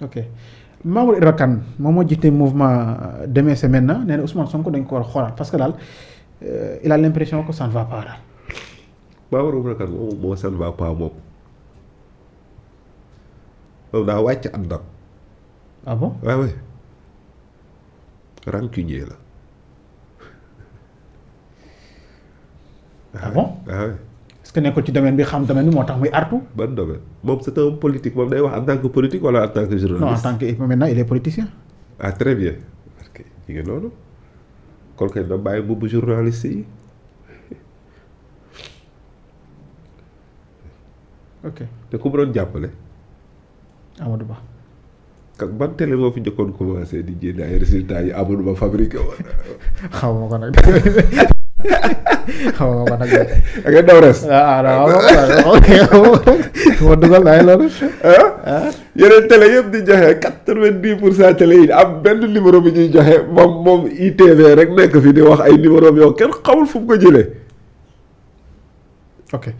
ok Mamour Ibra Kane moom moo jiite mouvement euh, Demain c'est maintenant nee na Ousmane Sonko ko war a xoolaat parce daal euh, il a l'impression que ça ne daal. Mamour Ibra Kane moom moo ça ne va moom. daa wàcc at nag. ah bon waaw la. ah, ah est-ce que nekkul ci domaine bi xam domaine bi moo tax muy artu. ban domaine moom c'est un politique moom day wax en tant que politique wala en tant journaliste. non ah, noonu kon kay da bàyyi boobu journaliste yi. ok te ku mu doon jàppale. Amadou Ba. kak ban télé moo fi njëkkoon commencé di jéem ay résultats yi Amadou Ba fabriqué woon. xaw ma ko nag. xaw ma nag daw res. ah ah ok ma dugal naa loolu. yeneen télé yëpp di joxe quatre vingt dix pour cent télé yi am benn numéro bi ñuy joxe moom moom ITV rek nekk fi di wax ay numéro yow kenn xawul fu mu ko jëlee. ok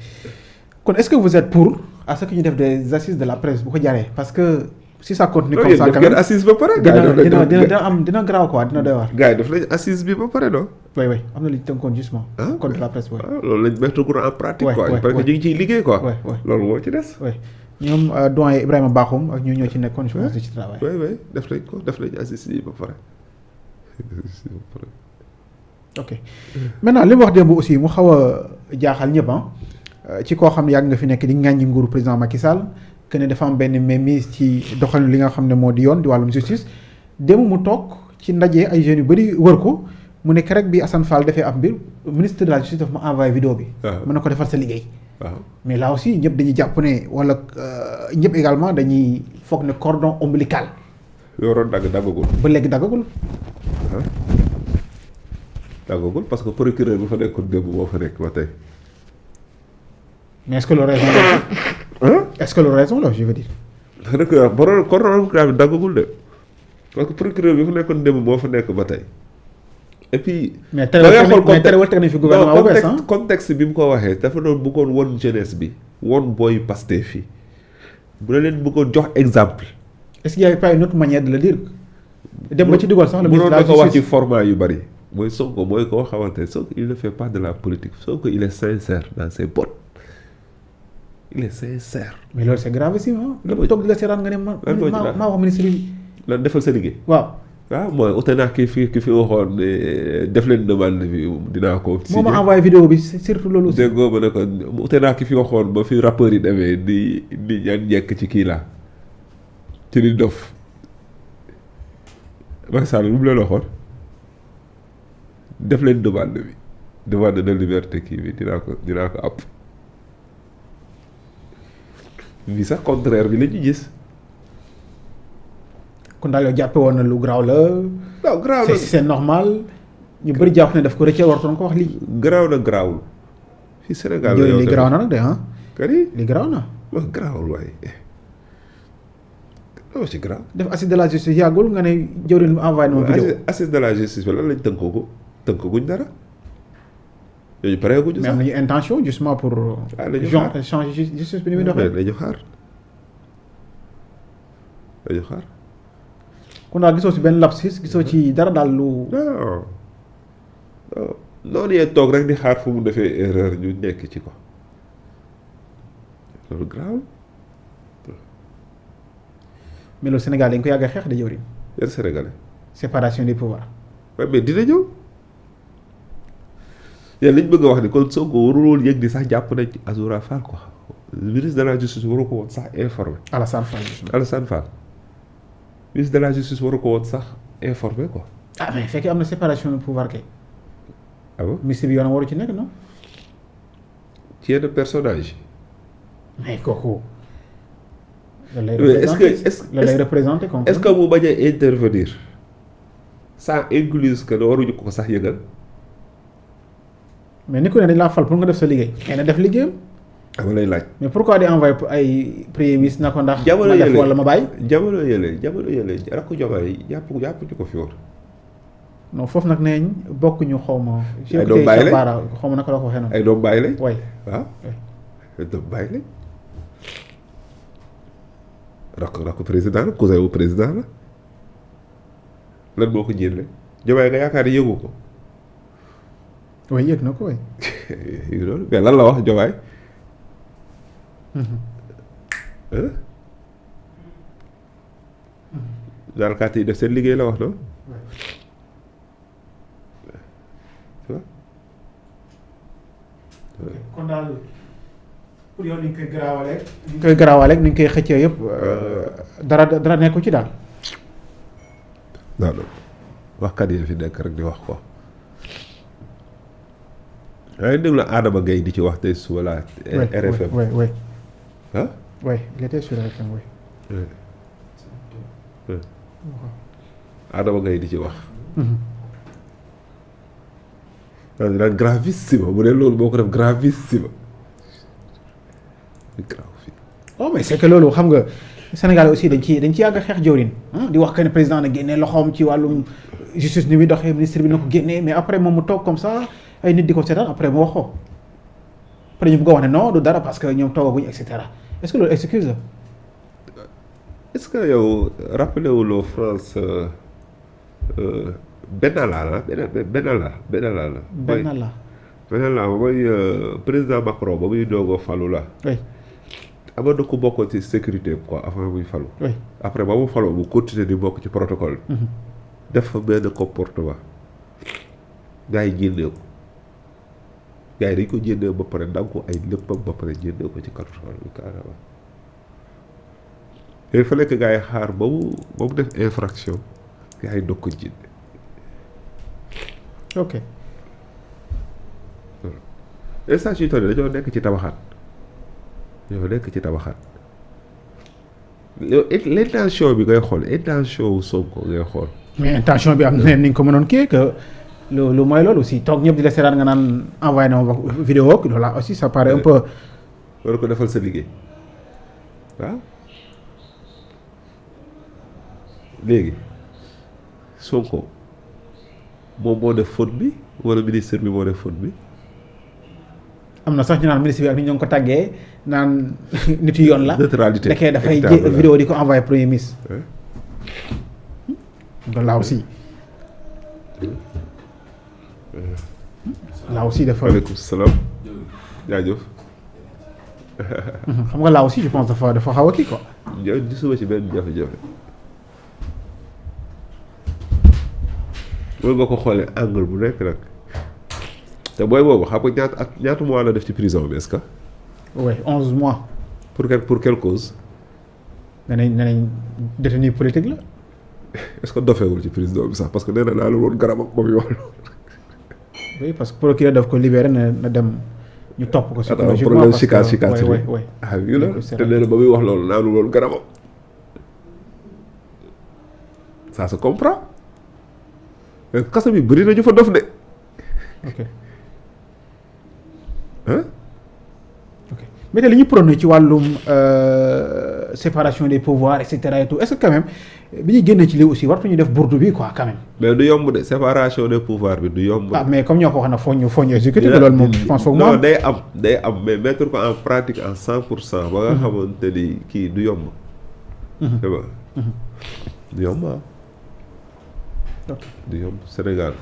kon est-ce que vous êtes pour à ce que ñu def des assises de la presse bu ko jaree parce que. si ça continue comme ça quand même assise ba pare. dina dina am dina garaaw quoi dina doy waar. gars yi daf lañ assise bi ba pare non. oui oui am na lu ñu tënkoon justement. Ah, contre la presse boobu. Ah, loolu lañ mettre ko en pratique quoi. parce que ñu ngi ciy liggéey quoi. loolu moo ci des. ñoom euh, doyen Ibrahima Bakhoum ak ñu ñoo ci nekkoon. je pense ci travail. oui oui def nañ ko def nañ assise bi ba pare. ok maintenant li mu wax démb aussi mu xaw a jaaxal ñëpp ah. euh, ci koo xam ne yàgg nga fi nekk di ŋàññi nguuru président Macky Sall. que ne benn am benn mainmise ci doxalin li nga xam ne moo di yoon di wàllum justice démb mu toog ci ndaje ay jeunes yu bëri wër ko mu nekk rek bi Assane Fall defee am mbir ministre de la justice dafa ma envoyé vidéo bi. Ah. mën na ko defal sa liggéey. Ah. mais là aussi ñëpp dañuy jàpp ne wala euh, ñëpp également dañuy foog ne cordon ombilical. yoroon dagg daggagul. ba léegi daggagul. Ah. daggagul parce que procureur bu fa nekkoon démb moo fa nekk ba tey. mais est-ce est-ce que loolu raison la je veux dire. recours borom corona bi de parce que procureur bi fu nekkoon démb moo fa nekk ba tey. et puis. mais terewul teg nañ fi gouvernement bu bees contexte bi mu ko waxee dafa doon bëggoon won jeunesse bi won booy Pastef fii bu la leen bëggoon jox exemple. est-ce qu'il y a pas de le dire. dem ba ci dugal sax la ministre la ko wax ci format yu bari. mooy Sonko mooy koo xamante Sonko il ne fait pas de la politique Sonko il est sincère dans ses bottes. il est sincère. mais loolu c'est gravissime di la seeraan nga ne ma. ma ma wax ministre bi. lan defal sa liggéey. waaw. waaw mooy ute naa ki fi ki fi waxoon eh, def leen demande bi dinaa ko. signé moo ma envoyé ba fi rappeurs yi demee di njekk ci kii laa ci li dof Macky Sall mu leen waxoon def leen demande bi demande de liberté kii bi dinaa ko dinaa ko àpp. bi sax contraire bi la ñu gis. kon daal yow jàppe woon na lu garaaw la. waaw garaaw la c'est normal. ñu bëri jàpp ne daf ko rëcce wartoon ko wax lii. garaaw la garaawul. fii Sénégal li garaaw na nag de li garaaw na. waaw garaawul waaye. loolu si garaaw. def assise de la justice yàggul nga ne jëwriñ mu envoyé na ma vidéo de la justice bi lan lañ tënkoo ko tënkaguñ dara. yooyu pareeguñu sax mais am intention justement pour. ah la ñu xaar changer justice bi ni muy doxee. la xaar la ñu xaar. kon daal gisoo ci benn lapsus gisoo ci mm-hmm. dara daal lu. noonu yee toog rek di xaar fu mu defee erreur ñu nekk ci ko loolu grave. mais loolu dañ ko yàgg a xeex de jëwriñ. yan Sénégalais. séparation des pouvoirs. waaye mais dina ñëw. yéen li bëgg a wax ni kon Sonko warul woon yëg di sax jàpp nañ ci Azoura Fall quoi ministre de la justice waru ko woon sax informé. Alassane Fall de la justice waru ko woon sax informé quoi. ah mais fekkee am na séparation de pouvoir kay. ah yoonam waru ci nekk non. ci yenn personnage. mais kooku. la lay représenté est-ce est-ce que mu bañ a intervenir. sans inclure que waruñu ko sax yëgal. mais ni ko ne dañ laa fal pour nga def sa liggéey xëy na def liggéeyam. dama lay laaj. mais pourquoi di envoyé ay premier ministre na ko ndax. ma def wala ma bàyyi. jamono yële jamono yële rakk jomaay ko fi woon. non foofu nag nee bokk ñu xaw ma. ay doom bàyyi xaw ma la ko waxee noonu. ay doom bàyyi lañ. waay waaw ah? eh. rakk président la cousin wu président la lan moo ko jëlee jomaay nga yaakaar yëngu ko. waaye yëg na ko waay. loolu mais lan la wax Diomaye. alkaati yi def seen liggéey la wax loolu. kon daal pour yow ni ñu koy garaawale. ni koy garaawale ni ñu koy xëccee yëpp. dara dara nekku ci daal. waxkat yi fi nekk rek di wax ko yaa ngi déglu Adama Gaye di ci wax tey suba la eh, RFM eh. eh. Adama Gaye di ci wax. daal mhm. di naan bu dee loolu boo ko def gravissime. oh mais c'est loolu xam nga Sénégal aussi dañ ci dañ ci yàgg xeex jawrin di wax que ne président na génnee loxoom ci wàllum justice ni muy doxee ministre bi na ko génnee mais après moom mu toog comme ça. ay nit di ko seetaan après mu wax ko ñu bëgg a wax ne non dara parce que ñoom toogaguñ et cetera est ce que loolu excuse la. est ce que yow rappelé wuloo France euh, euh, Benalla la Benalla Benalla la. mooy euh, président Macron ba muy doogoo falu la. oui amoon na ku bokkoon ci sécurité quoi avant muy falu. après ba mu faloo mu continuer di bokk ci protocole. Mhm. def fa benn comportement. gars yi ko. gars yi dañ ko jëndee ba pare ko ay léppam ba pare jëndee ko ci carton bi carrément il fallait que gars yi xaar ba mu def infraction gars yi doog ko jënd. ok. Hmm. dañoo nekk ci tabaxaat dañoo nekk ci tabaxaat l' intention bi ngay xool intention wu Sonko ngay xool. mais intention bi am ni nga ko mënoon kii que. lu lu mooy loolu aussi toog ñëpp di la nga naan envoyé na ma vidéo ak loolu aussi ça paraît un peu. war ko defal sa liggéey waaw léegi Sonko moom moo def faute bi wala ministre bi moo def faute bi. am na sax ñu naan ministre bi ak ni ñoo ngi ko tàggee naan nit yu yoon la. neutralité nekkee dafay jé vidéo di ko envoyé premier ministre. Hmm? loolu aussi. Hmm? Euh, là aussi dafa waaleykum salaam jaajëf. xam nga laa aussi je pense dafa dafa xaw a kii quoi. yow gisuma ci benn jafe-jafe. loolu nga ko xoolee angle bu nekk nag te booy boobu xam nga ñaata ak ñaata mois def ci prison bi est-ce que. oui onze mois. pour quelle pour quelle cause. nee nañ nee nañ détenu politique la. est-ce que dofeewul ci prison bi sax parce que nee na naa la woon garabam ba oui parce que procureur daf ko libéré na na dem. ñu topp ko psychologiquement parce que problème cicatrice ah oui la te wax loolu naanu loolu garabam ça se comprend mais euh, kaso bi na ñu fa dof de. ok ah. ok mais te li ci wàllum. Euh, séparation des pouvoirs et cetera et tout est-ce que quand même bi ñu génne ci lii aussi ñu def bourde bi quoi quand même. mais du yomb de séparation des pouvoirs bi du yomb. Ah, comme ñoo ko wax na foo ñu day am day am pratique en cent pour cent. Mm-hmm. kii du yomb. Mm-hmm. c'est mm-hmm. bon. Ah. du yomb Sénégal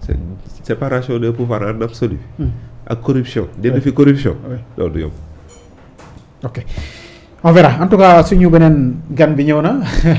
c'est séparation des pouvoirs en absolu. Mm. ak corruption. dina fi corruption. loolu du yomb. ok on verra en tout cas suñu beneen gan bi ñëw na